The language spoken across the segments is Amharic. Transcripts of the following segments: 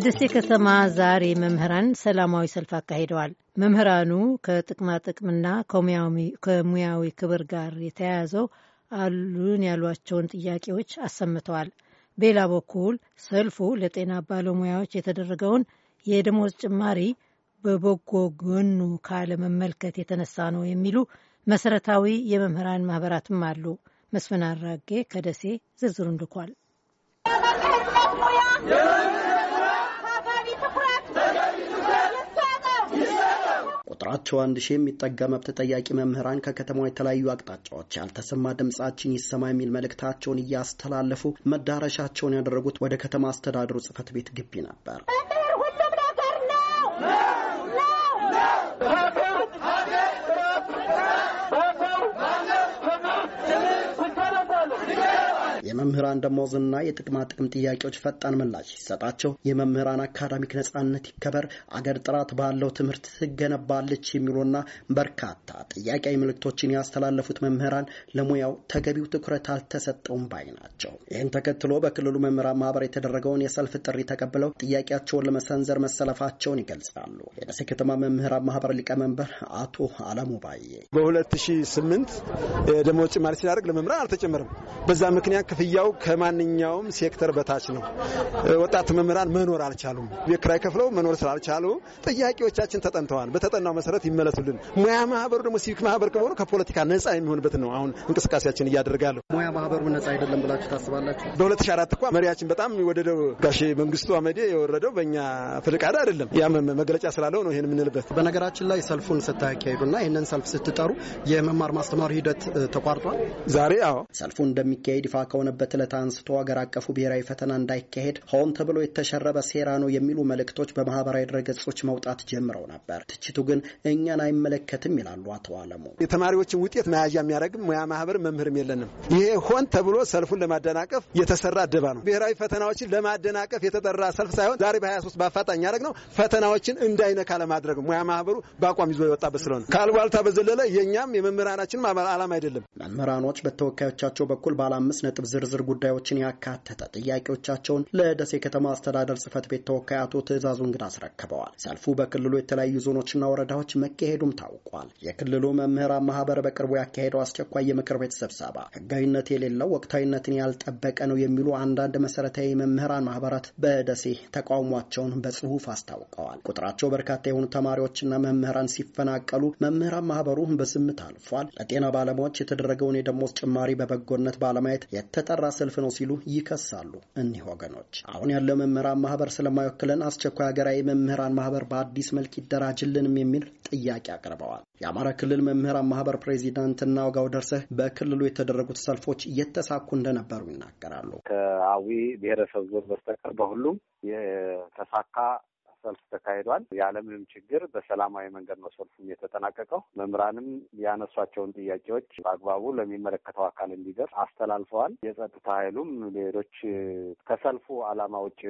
በደሴ ከተማ ዛሬ መምህራን ሰላማዊ ሰልፍ አካሂደዋል። መምህራኑ ከጥቅማ ጥቅምና ከሙያዊ ክብር ጋር የተያያዘው አሉን ያሏቸውን ጥያቄዎች አሰምተዋል። በሌላ በኩል ሰልፉ ለጤና ባለሙያዎች የተደረገውን የደሞዝ ጭማሪ በበጎ ጎኑ ካለ መመልከት የተነሳ ነው የሚሉ መሰረታዊ የመምህራን ማህበራትም አሉ። መስፍን አራጌ ከደሴ ዝርዝሩን ልኳል። ቁጥራቸው አንድ ሺህ የሚጠጋ መብት ጠያቂ መምህራን ከከተማ የተለያዩ አቅጣጫዎች ያልተሰማ ድምጻችን ይሰማ የሚል መልእክታቸውን እያስተላለፉ መዳረሻቸውን ያደረጉት ወደ ከተማ አስተዳደሩ ጽህፈት ቤት ግቢ ነበር። የመምህራን ደሞዝና የጥቅማ ጥቅም ጥያቄዎች ፈጣን ምላሽ ሲሰጣቸው የመምህራን አካዳሚክ ነጻነት ይከበር፣ አገር ጥራት ባለው ትምህርት ትገነባለች የሚሉና በርካታ ጥያቄ ምልክቶችን ያስተላለፉት መምህራን ለሙያው ተገቢው ትኩረት አልተሰጠውም ባይ ናቸው። ይህን ተከትሎ በክልሉ መምህራን ማህበር የተደረገውን የሰልፍ ጥሪ ተቀብለው ጥያቄያቸውን ለመሰንዘር መሰለፋቸውን ይገልጻሉ። የደሴ ከተማ መምህራን ማህበር ሊቀመንበር አቶ አለሙ ባዬ በ2008 የደሞዝ ጭማሪ ሲናደርግ ለመምህራን አልተጨመረም። በዛ ምክንያት ክፍያው ከማንኛውም ሴክተር በታች ነው። ወጣት መምህራን መኖር አልቻሉም። ቤት ኪራይ ከፍለው መኖር ስላልቻሉ ጥያቄዎቻችን ተጠንተዋል። በተጠናው መሰረት ይመለሱልን። ሙያ ማህበሩ ደግሞ ሲቪክ ማህበር ከሆኑ ከፖለቲካ ነጻ የሚሆንበት ነው። አሁን እንቅስቃሴያችን እያደረጋለሁ። ሙያ ማህበሩ ነጻ አይደለም ብላችሁ ታስባላችሁ? በ2004 እኳ መሪያችን በጣም የወደደው ጋሽ መንግስቱ አመዴ የወረደው በእኛ ፍልቃድ አይደለም። ያ መግለጫ ስላለው ነው ይህን የምንልበት። በነገራችን ላይ ሰልፉን ስታያካሂዱና ይህንን ሰልፍ ስትጠሩ የመማር ማስተማር ሂደት ተቋርጧል ዛሬ? ሰልፉ እንደሚካሄድ ይፋ ከሆነ ከሆነበት ዕለት አንስቶ አገር አቀፉ ብሔራዊ ፈተና እንዳይካሄድ ሆን ተብሎ የተሸረበ ሴራ ነው የሚሉ መልእክቶች በማህበራዊ ድረገጾች መውጣት ጀምረው ነበር። ትችቱ ግን እኛን አይመለከትም ይላሉ አቶ አለሙ። የተማሪዎችን ውጤት መያዣ የሚያደርግም ሙያ ማህበር መምህርም የለንም። ይሄ ሆን ተብሎ ሰልፉን ለማደናቀፍ የተሰራ ደባ ነው። ብሔራዊ ፈተናዎችን ለማደናቀፍ የተጠራ ሰልፍ ሳይሆን ዛሬ በ23 በአፋጣኝ ነው ፈተናዎችን እንዳይነካ ለማድረግ ሙያ ማህበሩ በአቋም ይዞ የወጣበት ስለሆነ ከአሉባልታ በዘለለ የእኛም የመምህራናችንም ዓላማ አይደለም። መምህራኖች በተወካዮቻቸው በኩል ባለ አምስት ነጥብ ዝርዝር ጉዳዮችን ያካተተ ጥያቄዎቻቸውን ለደሴ ከተማ አስተዳደር ጽህፈት ቤት ተወካይ አቶ ትእዛዙ እንግዳ አስረክበዋል። ሰልፉ በክልሉ የተለያዩ ዞኖችና ወረዳዎች መካሄዱም ታውቋል። የክልሉ መምህራን ማህበር በቅርቡ ያካሄደው አስቸኳይ የምክር ቤት ስብሰባ ህጋዊነት የሌለው ወቅታዊነትን ያልጠበቀ ነው የሚሉ አንዳንድ መሰረታዊ መምህራን ማህበራት በደሴ ተቃውሟቸውን በጽሁፍ አስታውቀዋል። ቁጥራቸው በርካታ የሆኑ ተማሪዎችና መምህራን ሲፈናቀሉ መምህራን ማህበሩ በዝምታ አልፏል። ለጤና ባለሙያዎች የተደረገውን የደሞዝ ጭማሪ በበጎነት ባለማየት የተ የተጠራ ሰልፍ ነው ሲሉ ይከሳሉ። እኒህ ወገኖች አሁን ያለው መምህራን ማህበር ስለማይወክለን አስቸኳይ ሀገራዊ መምህራን ማህበር በአዲስ መልክ ይደራጅልንም የሚል ጥያቄ አቅርበዋል። የአማራ ክልል መምህራን ማህበር ፕሬዚዳንትና ወጋው ደርሰህ በክልሉ የተደረጉት ሰልፎች እየተሳኩ እንደነበሩ ይናገራሉ። ከአዊ ብሔረሰብ ዞን በስተቀር በሁሉም የተሳካ ሰልፍ ተካሂዷል። ያለምንም ችግር በሰላማዊ መንገድ ነው ሰልፉም የተጠናቀቀው። መምህራንም ያነሷቸውን ጥያቄዎች በአግባቡ ለሚመለከተው አካል እንዲደርስ አስተላልፈዋል። የጸጥታ ኃይሉም ሌሎች ከሰልፉ ዓላማ ውጭ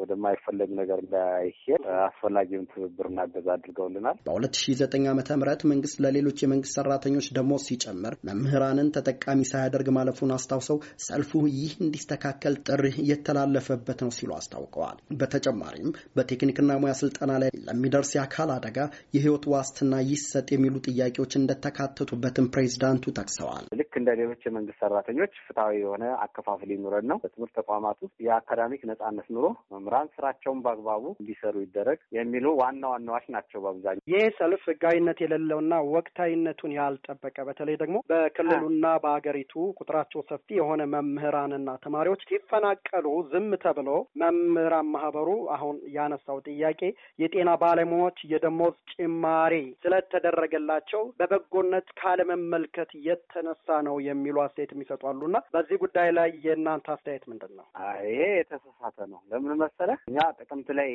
ወደማይፈለግ ነገር እንዳይሄድ አስፈላጊውን ትብብር እገዛ አድርገውልናል። በሁለት ሺ ዘጠኝ ዓመተ ምህረት መንግስት ለሌሎች የመንግስት ሰራተኞች ደሞዝ ሲጨምር መምህራንን ተጠቃሚ ሳያደርግ ማለፉን አስታውሰው ሰልፉ ይህ እንዲስተካከል ጥሪ የተላለፈበት ነው ሲሉ አስታውቀዋል። በተጨማሪም በቴክኒክና የሕክምና ሙያ ስልጠና ላይ ለሚደርስ የአካል አደጋ የህይወት ዋስትና ይሰጥ የሚሉ ጥያቄዎች እንደተካተቱበትም ፕሬዚዳንቱ ጠቅሰዋል። ልክ እንደ ሌሎች የመንግስት ሰራተኞች ፍትሐዊ የሆነ አከፋፍል ይኑረን ነው። በትምህርት ተቋማት ውስጥ የአካዳሚክ ነጻነት ኑሮ መምህራን ስራቸውን በአግባቡ እንዲሰሩ ይደረግ የሚሉ ዋና ዋናዎች ናቸው። በአብዛኛው ይህ ሰልፍ ህጋዊነት የሌለውና ወቅታዊነቱን ያልጠበቀ በተለይ ደግሞ በክልሉና በአገሪቱ ቁጥራቸው ሰፊ የሆነ መምህራንና ተማሪዎች ሲፈናቀሉ ዝም ተብሎ መምህራን ማህበሩ አሁን ያነሳው ጥያቄ የጤና ባለሙያዎች የደሞዝ ጭማሪ ስለተደረገላቸው በበጎነት ካለመመልከት የተነሳ ነው የሚሉ አስተያየት የሚሰጡ አሉና በዚህ ጉዳይ ላይ የእናንተ አስተያየት ምንድን ነው? ይሄ የተሳሳተ ነው። ለምን መሰለህ? እኛ ጥቅምት ላይ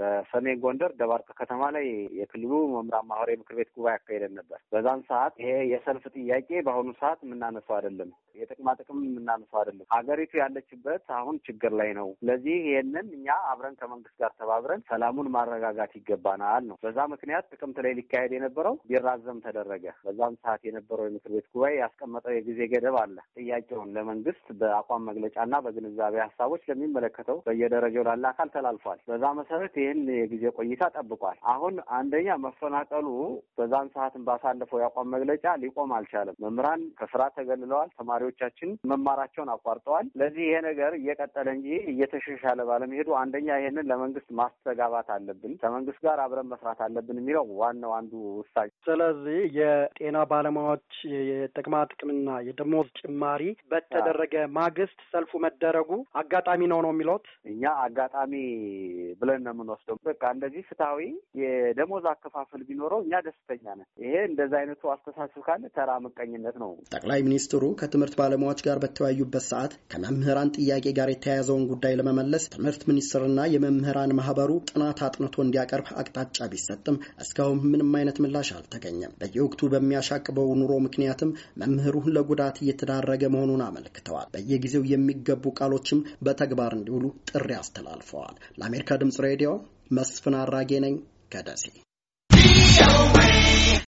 በሰሜን ጎንደር ደባርቅ ከተማ ላይ የክልሉ መምራ ማህበራዊ የምክር ቤት ጉባኤ አካሄደን ነበር። በዛን ሰዓት ይሄ የሰልፍ ጥያቄ በአሁኑ ሰዓት የምናነሳው አይደለም። የጥቅማ ጥቅም የምናነሳው አይደለም። ሀገሪቱ ያለችበት አሁን ችግር ላይ ነው። ስለዚህ ይህንን እኛ አብረን ከመንግስት ጋር ተባብረን ሰላሙን ማረጋጋት ይገባናል ነው። በዛ ምክንያት ጥቅምት ላይ ሊካሄድ የነበረው ቢራዘም ተደረገ። በዛም ሰዓት የነበረው የምክር ቤት ጉባኤ ያስቀመጠው የጊዜ ገደብ አለ። ጥያቄውን ለመንግስት በአቋም መግለጫና በግንዛቤ ሀሳቦች ለሚመለከተው በየደረጃው ላለ አካል ተላልፏል። በዛ መሰረት ይህን የጊዜ ቆይታ ጠብቋል። አሁን አንደኛ መፈናቀሉ በዛን ሰዓትን ባሳለፈው የአቋም መግለጫ ሊቆም አልቻለም። መምህራን ከስራ ተገልለዋል። ተማሪዎቻችን መማራቸውን አቋርጠዋል። ለዚህ ይሄ ነገር እየቀጠለ እንጂ እየተሻሻለ ባለመሄዱ አንደኛ ይህንን ለመንግስት ማስተጋ መግባባት አለብን፣ ከመንግስት ጋር አብረን መስራት አለብን የሚለው ዋናው አንዱ ውሳኝ። ስለዚህ የጤና ባለሙያዎች የጥቅማ ጥቅምና የደሞዝ ጭማሪ በተደረገ ማግስት ሰልፉ መደረጉ አጋጣሚ ነው ነው የሚለት እኛ አጋጣሚ ብለን ነው የምንወስደው። በቃ እንደዚህ ፍትሐዊ የደሞዝ አከፋፈል ቢኖረው እኛ ደስተኛ ነን። ይሄ እንደዚ አይነቱ አስተሳሰብ ካለ ተራ ምቀኝነት ነው። ጠቅላይ ሚኒስትሩ ከትምህርት ባለሙያዎች ጋር በተወያዩበት ሰዓት ከመምህራን ጥያቄ ጋር የተያያዘውን ጉዳይ ለመመለስ ትምህርት ሚኒስትርና የመምህራን ማህበሩ ጥናት አጥንቶ እንዲያቀርብ አቅጣጫ ቢሰጥም እስካሁን ምንም አይነት ምላሽ አልተገኘም። በየወቅቱ በሚያሻቅበው ኑሮ ምክንያትም መምህሩ ለጉዳት እየተዳረገ መሆኑን አመልክተዋል። በየጊዜው የሚገቡ ቃሎችም በተግባር እንዲውሉ ጥሪ አስተላልፈዋል። ለአሜሪካ ድምጽ ሬዲዮ መስፍን አራጌ ነኝ ከደሴ።